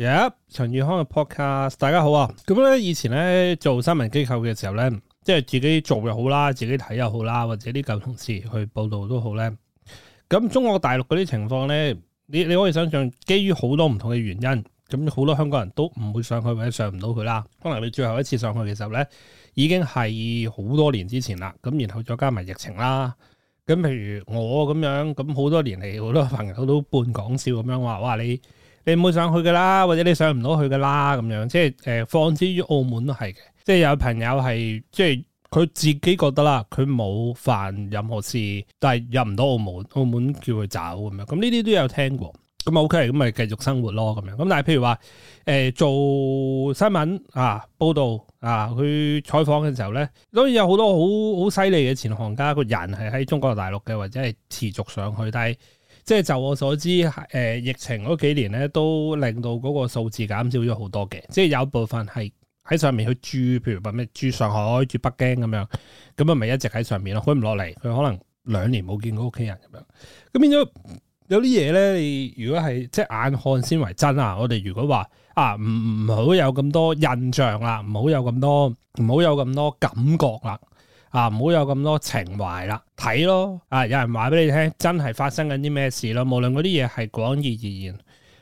Yeah, 陳宇康嘅 podcast，大家好啊！咁咧，以前咧做新聞機構嘅時候咧，即係自己做又好啦，自己睇又好啦，或者啲舊同事去報道都好呢。咁中國大陸嗰啲情況咧，你你可以想象，基於好多唔同嘅原因，咁好多香港人都唔會上去或者上唔到佢啦。可能你最後一次上去嘅時候咧，已經係好多年之前啦。咁然後再加埋疫情啦，咁譬如我咁樣，咁好多年嚟，好多朋友都半講笑咁樣話：，哇，你！你冇上去噶啦，或者你上唔到去噶啦，咁樣即係誒，放之於澳門都係嘅，即係有朋友係即係佢自己覺得啦，佢冇犯任何事，但係入唔到澳門，澳門叫佢走咁樣，呢啲都有聽過，咁啊 OK，咁咪繼續生活咯，咁樣咁但係譬如話誒、呃、做新聞啊報道啊，佢採訪嘅時候咧，當然有好多好好犀利嘅前行家個人係喺中國大陸嘅，或者係持續上去，但係。即係就我所知，誒、呃、疫情嗰幾年咧，都令到嗰個數字減少咗好多嘅。即係有部分係喺上面去住，譬如話咩住上海、住北京咁樣，咁啊咪一直喺上面咯，佢唔落嚟，佢可能兩年冇見過屋企人咁樣。咁變咗有啲嘢咧，你如果係即係眼看先為真啊！我哋如果話啊，唔唔好有咁多印象啦，唔好有咁多，唔好有咁多感覺啦。啊，唔好有咁多情懷啦，睇咯！啊，有人話俾你聽，真係發生緊啲咩事咯。無論嗰啲嘢係廣義而言，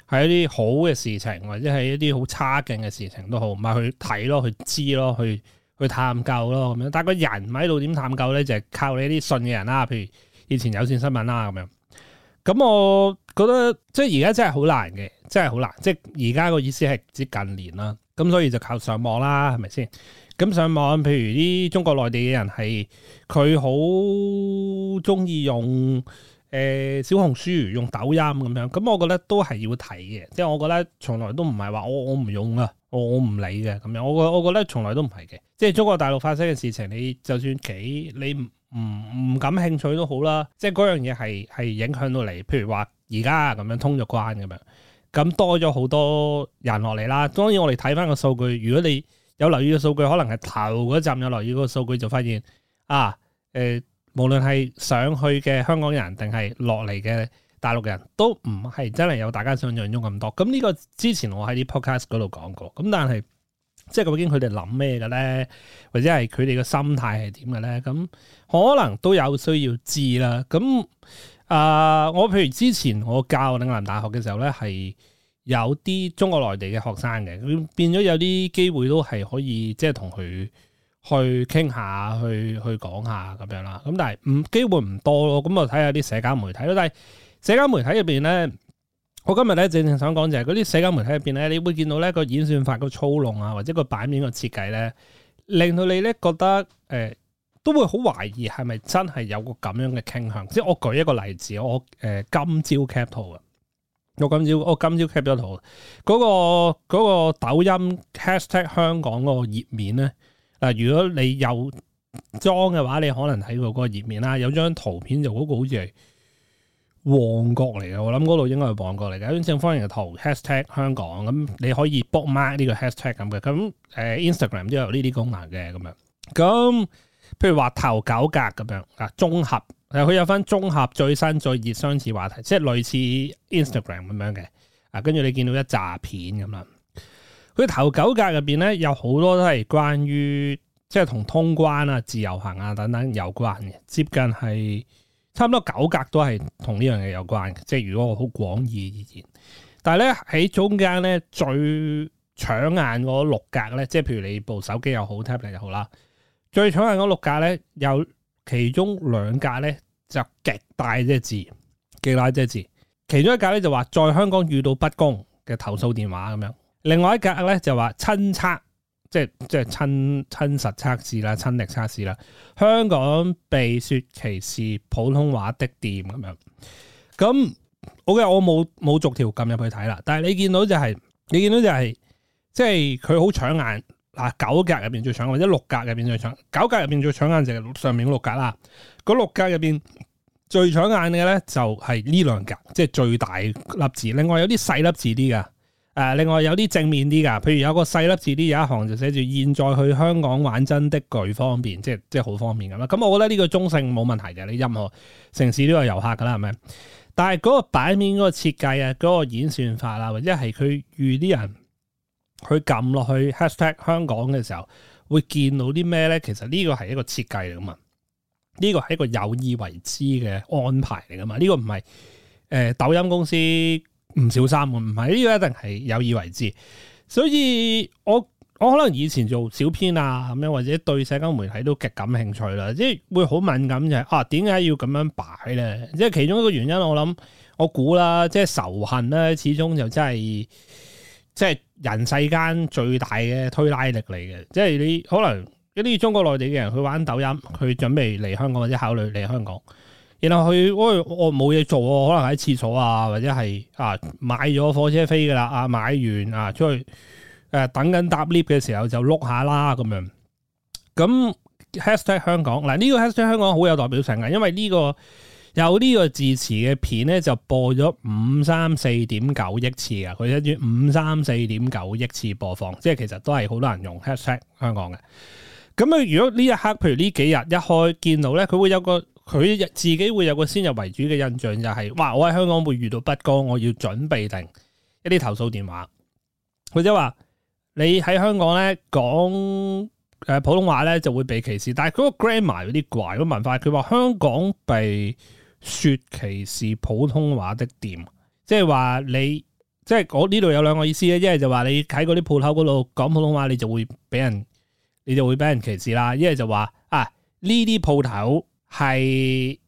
係一啲好嘅事情，或者係一啲好差勁嘅事情都好，咪去睇咯，去知咯，去去探究咯咁樣。但個人咪喺度點探究咧？就係靠你啲信嘅人啦，譬如以前有線新聞啦咁樣。咁我覺得即係而家真係好難嘅，真係好難。即係而家個意思係指近年啦，咁所以就靠上網啦，係咪先？咁上網，譬如啲中國內地嘅人係佢好中意用誒、呃、小紅書、用抖音咁樣，咁我覺得都係要睇嘅。即係我覺得從來都唔係話我我唔用啊，我我唔理嘅咁樣。我我覺得從來都唔係嘅。即係中國大陸發生嘅事情，你就算幾你唔唔唔感興趣都好啦。即係嗰樣嘢係係影響到你，譬如話而家咁樣通咗關咁樣，咁多咗好多人落嚟啦。當然我哋睇翻個數據，如果你。有留意嘅數據，可能係頭嗰陣有留意個數據，就發現啊，誒、呃，無論係上去嘅香港人，定係落嚟嘅大陸嘅人都唔係真係有大家想像中咁多。咁呢個之前我喺啲 podcast 嗰度講過。咁但係即係究竟佢哋諗咩嘅咧，或者係佢哋嘅心態係點嘅咧？咁可能都有需要知啦。咁啊、呃，我譬如之前我教嶺南大學嘅時候咧，係。有啲中國內地嘅學生嘅，咁變咗有啲機會都係可以，即係同佢去傾下，去去講下咁樣啦。咁但係唔機會唔多咯。咁我睇下啲社交媒體咯。但係社交媒體入邊咧，我今日咧正正想講就係嗰啲社交媒體入邊咧，你會見到咧個演算法個操弄啊，或者個版面個設計咧，令到你咧覺得、呃、都會好懷疑係咪真係有個咁樣嘅傾向。即係我舉一個例子，我誒、呃、今朝 Capital 我今朝我、哦、今朝 cap 咗圖，嗰個嗰個抖音 hashtag 香港嗰個頁面咧，嗱如果你有裝嘅話你可能睇過嗰個頁面啦。有張圖片就嗰個好似係旺角嚟嘅，我諗嗰度應該係旺角嚟嘅。正方形嘅圖 hashtag 香港，咁你可以 book mark 呢個 hashtag 咁嘅。咁誒 Instagram 都有呢啲功能嘅咁樣。咁譬如話頭九格咁樣啊，綜合。係佢有翻綜合、最新、最熱、相似話題，即係類似 Instagram 咁樣嘅。啊，跟住你見到一集片咁啦。佢頭九格入邊咧，有好多都係關於即係同通關啊、自由行啊等等有關嘅。接近係差唔多九格都係同呢樣嘢有關嘅。即係如果我好廣義而言，但係咧喺中間咧最搶眼嗰六格咧，即係譬如你部手機又好、tablet 又好啦，最搶眼嗰六格咧有，其中兩格咧就極大嘅字，極大嘅字。其中一格咧就話在香港遇到不公嘅投訴電話咁樣，另外一格咧就話親測，即係即係親親實測試啦，親力測試啦。香港被説歧視普通話的店咁樣。咁 OK，我冇冇逐條撳入去睇啦。但係你見到就係，你見到就係，即係佢好搶眼。嗱、啊、九格入邊最搶，或者六格入邊最搶。九格入邊最搶眼就係上面六格啦。嗰六格入邊最搶眼嘅咧，就係呢兩格，即係最大粒字。另外有啲細粒字啲噶，誒、呃，另外有啲正面啲噶。譬如有個細粒字啲有一行就寫住，現在去香港玩真的巨方便，即係即係好方便咁啦。咁我覺得呢個中性冇問題嘅，你任何城市都有遊客噶啦，係咪？但係嗰個擺面嗰個設計啊，嗰、嗰個演算法啊，或者係佢預啲人。佢撳落去，去 hashtag 香港嘅時候，會見到啲咩咧？其實呢個係一個設計嚟噶嘛，呢個係一個有意為之嘅安排嚟噶嘛。呢、這個唔係誒抖音公司唔小心，唔係，呢個一定係有意為之。所以我我可能以前做小編啊咁樣，或者對社交媒體都極感興趣啦，即係會好敏感就係啊，點解要咁樣擺咧？即係其中一個原因，我諗我估啦，即係仇恨咧，始終就真係。即係人世間最大嘅推拉力嚟嘅，即係你可能一啲中國內地嘅人去玩抖音，佢準備嚟香港或者考慮嚟香港，然後佢、哎，我我冇嘢做啊，可能喺廁所啊，或者係啊買咗火車飛噶啦，啊買完啊出去誒、啊、等緊搭 lift 嘅時候就碌下啦咁樣，咁 hashtag 香港嗱呢、呢個 hashtag 香港好有代表性嘅，因為呢、呢個。有呢個字詞嘅片咧，就播咗五三四點九億次啊！佢一於五三四點九億次播放，即係其實都係好多人用 hashtag 香港嘅。咁啊，如果呢一刻，譬如呢幾日一開見到咧，佢會有個佢自己會有個先入為主嘅印象、就係，就係哇！我喺香港會遇到不公，我要準備定一啲投訴電話，或者話你喺香港咧講、呃、普通話咧就會被歧視，但係嗰個 grammar 有啲怪，個文化佢話香港被。說歧視普通話的店，即係話你，即係我呢度有兩個意思咧。一係就話你喺嗰啲鋪頭嗰度講普通話，你就會俾人，你就會俾人歧視啦。一係就話啊，呢啲鋪頭係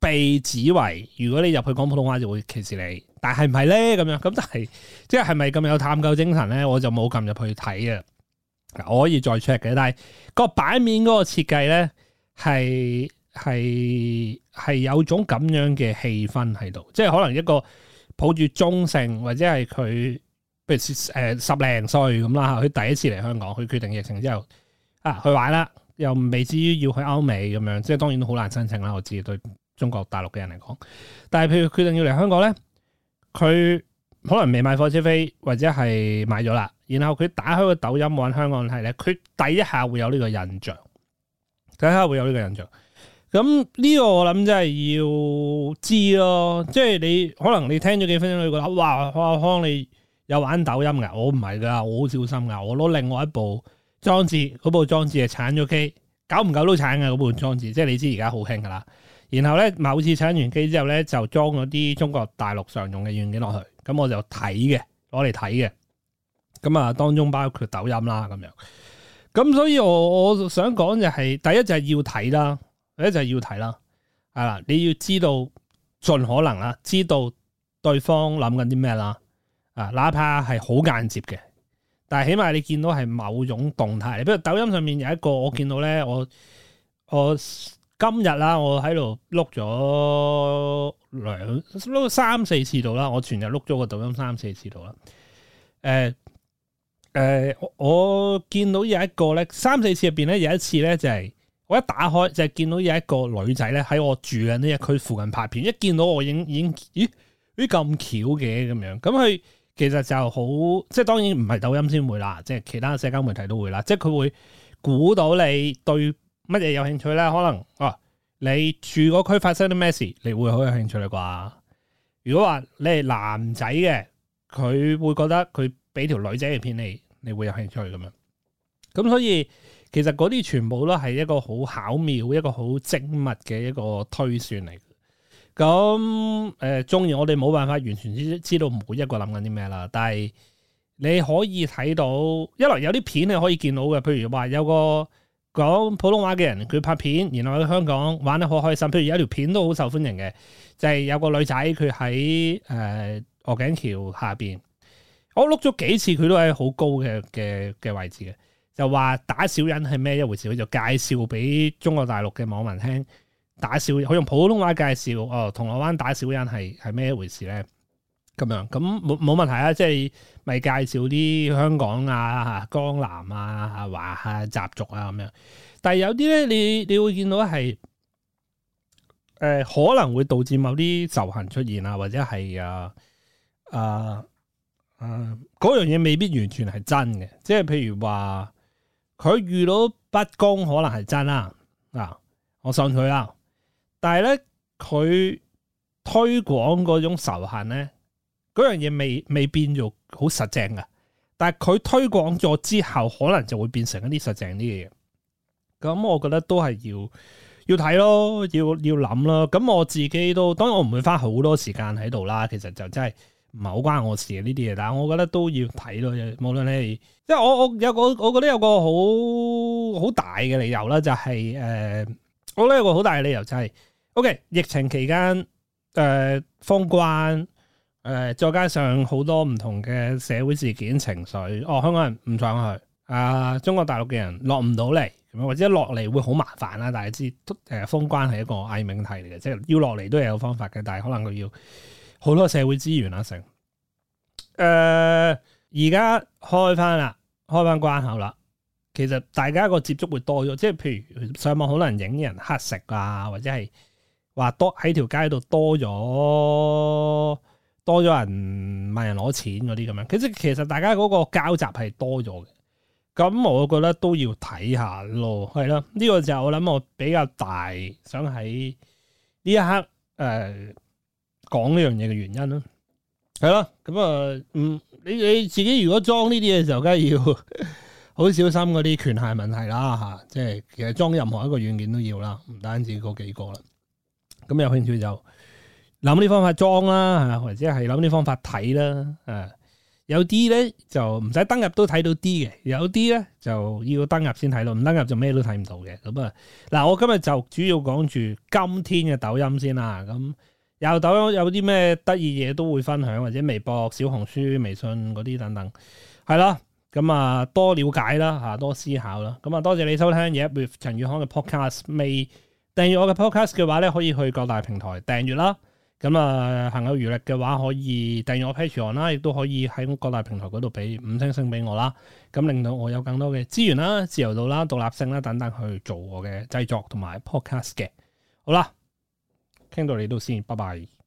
被指為，如果你入去講普通話，就會歧視你。但係唔係咧咁樣，咁但係即係係咪咁有探究精神咧？我就冇撳入去睇啊。我可以再 check 嘅，但係個版面嗰個設計咧係。係係有種咁樣嘅氣氛喺度，即係可能一個抱住中性或者係佢，譬如誒、呃、十零歲咁啦，佢第一次嚟香港，佢決定疫情之後啊，去玩啦，又未至於要去歐美咁樣，即係當然都好難申請啦。我知道對中國大陸嘅人嚟講，但係譬如決定要嚟香港咧，佢可能未買火車飛，或者係買咗啦，然後佢打開個抖音揾香港嘅嘢咧，佢第一下會有呢個印象，第一下會有呢個印象。咁呢個我諗真係要知咯，即係你可能你聽咗幾分鐘你覺得哇，阿康你有玩抖音㗎？我唔係噶，我好小心噶，我攞另外一部裝置，嗰部裝置係鏟咗機，久唔久都鏟嘅嗰部裝置，即係你知而家好興噶啦。然後咧，某次鏟完機之後咧，就裝咗啲中國大陸常用嘅軟件落去，咁我就睇嘅，攞嚟睇嘅。咁啊，當中包括抖音啦，咁樣。咁所以我我想講就係第一就係要睇啦。第一就係要睇啦，係啦，你要知道盡可能啦，知道對方諗緊啲咩啦，啊，哪怕係好間接嘅，但係起碼你見到係某種動態。比如抖音上面有一個，我見到咧，我我今日啦，我喺度碌咗兩碌咗三四次度啦，我全日碌咗個抖音三四次度啦。誒、呃、誒、呃，我見到有一個咧，三四次入邊咧，有一次咧就係、是。我一打開就係、是、見到有一個女仔咧喺我住嘅呢一區附近拍片，一見到我已經已經咦，咦咁巧嘅咁樣，咁佢其實就好，即係當然唔係抖音先會啦，即係其他社交媒體都會啦，即係佢會估到你對乜嘢有興趣咧，可能哦、啊、你住個區發生啲咩事，你會好有興趣啦啩？如果話你係男仔嘅，佢會覺得佢俾條女仔嘅片你，你會有興趣咁樣，咁所以。其實嗰啲全部都係一個好巧妙，一個好精密嘅一個推算嚟嘅。咁誒、中、呃、意我哋冇辦法完全知知道每一個諗緊啲咩啦。但係你可以睇到，一來有啲片你可以見到嘅，譬如話有個講普通話嘅人，佢拍片，然後喺香港玩得好開心。譬如有一條片都好受歡迎嘅，就係、是、有個女仔佢喺誒鵝頸橋下邊，我碌咗幾次佢都喺好高嘅嘅嘅位置嘅。又話打小人係咩一回事，佢就介紹俾中國大陸嘅網民聽打小人，佢用普通話介紹，哦，銅鑼灣打小人係係咩一回事咧？咁樣咁冇冇問題啊？即係咪介紹啲香港啊、江南啊、啊華夏習俗啊咁、啊、樣？但係有啲咧，你你會見到係誒、呃、可能會導致某啲仇恨出現啊，或者係啊啊啊嗰樣嘢未必完全係真嘅，即係譬如話。佢遇到不公可能係真啦，啊，我信佢啦。但係咧，佢推廣嗰種仇恨咧，嗰樣嘢未未變做好實正嘅。但係佢推廣咗之後，可能就會變成一啲實正啲嘅嘢。咁我覺得都係要要睇咯，要要諗咯。咁我自己都當然我唔會花好多時間喺度啦。其實就真係。唔係好關我事嘅呢啲嘢，但係我覺得都要睇咯。無論你即係我我有個我，我覺得有個好好大嘅理由啦，就係、是、誒、呃，我覺得有個好大嘅理由就係、是，OK，疫情期間誒、呃、封關誒、呃，再加上好多唔同嘅社會事件情緒，哦，香港人唔想去啊、呃，中國大陸嘅人落唔到嚟，或者落嚟會好麻煩啦。大家知誒、呃、封關係一個偽命題嚟嘅，即係要落嚟都係有方法嘅，但係可能佢要。好多社會資源啊，成誒而家開翻啦，開翻關口啦。其實大家個接觸會多咗，即係譬如上網可能影人乞食啊，或者係話多喺條街度多咗多咗人問人攞錢嗰啲咁樣。其實其實大家嗰個交集係多咗嘅。咁我覺得都要睇下咯，係咯。呢個就我諗我比較大想喺呢一刻誒。呃講呢樣嘢嘅原因咯，係啦，咁啊，嗯，你你自己如果裝呢啲嘢嘅時候，梗係要好小心嗰啲權限問題啦，吓、啊，即係其實裝任何一個軟件都要啦，唔單止嗰幾個啦。咁有興趣就諗啲方法裝啦，吓、啊，或者係諗啲方法睇啦，誒、啊，有啲咧就唔使登入都睇到啲嘅，有啲咧就要登入先睇到，唔登入就咩都睇唔到嘅。咁啊，嗱，我今日就主要講住今天嘅抖音先啦、啊，咁、嗯。又抖音有啲咩得意嘢都會分享，或者微博、小紅書、微信嗰啲等等，係啦。咁啊，多了解啦，多思考啦。咁啊，多謝你收聽嘢。Yeah, with 陳宇康嘅 podcast，未訂閱我嘅 podcast 嘅話咧，可以去各大平台訂閱啦。咁啊，行有餘力嘅話，可以訂閱我 Patreon 啦，亦都可以喺各大平台嗰度俾五星星俾我啦。咁令到我有更多嘅資源啦、自由度啦、獨立性啦等等去做我嘅製作同埋 podcast 嘅。好啦。聽到你都先，拜拜。